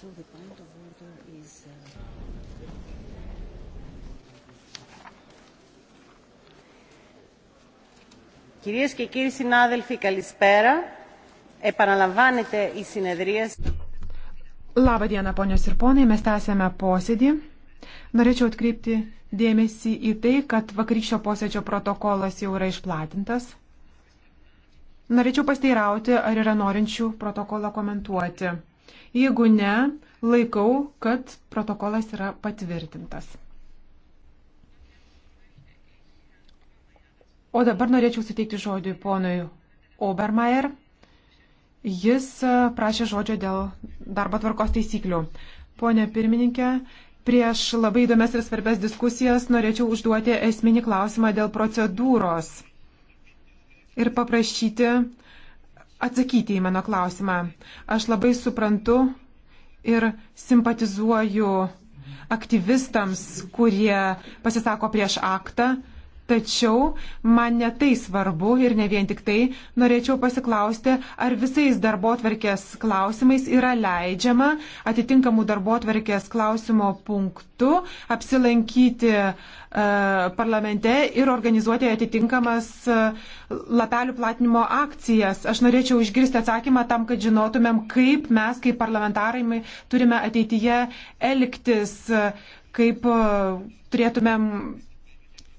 So the point of order is. Uh, Κυρίες και κύριοι συνάδελφοι, καλησπέρα. Επαναλαμβάνεται η συνεδρίαση. Labą dieną, ponios ir ponai, mes tęsėme posėdį. Norėčiau atkreipti dėmesį į tai, kad vakarykščio posėdžio protokolas jau yra išplatintas. Norėčiau pasteirauti, ar yra norinčių protokolą komentuoti. Jeigu ne, laikau, kad protokolas yra patvirtintas. O dabar norėčiau suteikti žodį ponui Obermeier. Jis e, prašė žodžio dėl darbo tvarkos taisyklių. Pone pirmininkė, prieš labai įdomias ir svarbės diskusijas norėčiau užduoti esminį klausimą dėl procedūros ir paprašyti atsakyti į mano klausimą. Aš labai suprantu ir simpatizuoju aktyvistams, kurie pasisako prieš aktą, Tačiau man netai svarbu ir ne vien tik tai norėčiau pasiklausti, ar visais darbo atverkės klausimais yra leidžiama atitinkamų darbo atverkės klausimo punktų apsilankyti e, parlamente ir organizuoti atitinkamas e, lapelių platinimo akcijas. Aš norėčiau išgirsti atsakymą tam, kad žinotumėm, kaip mes kaip parlamentarai turime ateityje elgtis, e, kaip e, turėtumėm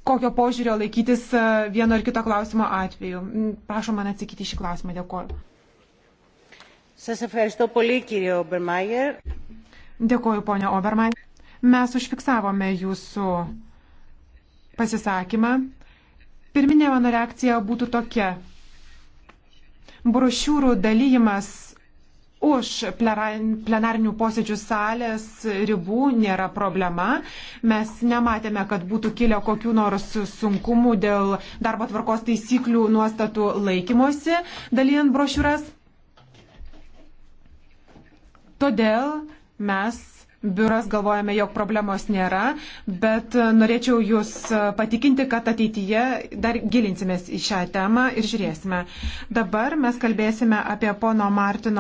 kokio požiūrio laikytis e, vieno ar kito klausimo atveju. Mm, prašom man atsakyti šį klausimą. Dėkuoju. Σας ευχαριστώ πολύ κύριε Ομπερμάγερ. Dėkuoju, ponia Oberman. Mes užfiksavome jūsų pasisakymą. Pirminė mano reakcija būtų tokia. Brošiūrų dalyjimas už plenarinių posėdžių salės ribų nėra problema. Mes nematėme, kad būtų kilę kokių nors sunkumų dėl darbo tvarkos taisyklių nuostatų laikymosi, dalyjant brošiūras. Todėl mes biuras galvojame, jog problemos nėra, bet norėčiau Jūs patikinti, kad ateityje dar gilinsimės į šią temą ir žiūrėsime. Dabar mes kalbėsime apie pono Martino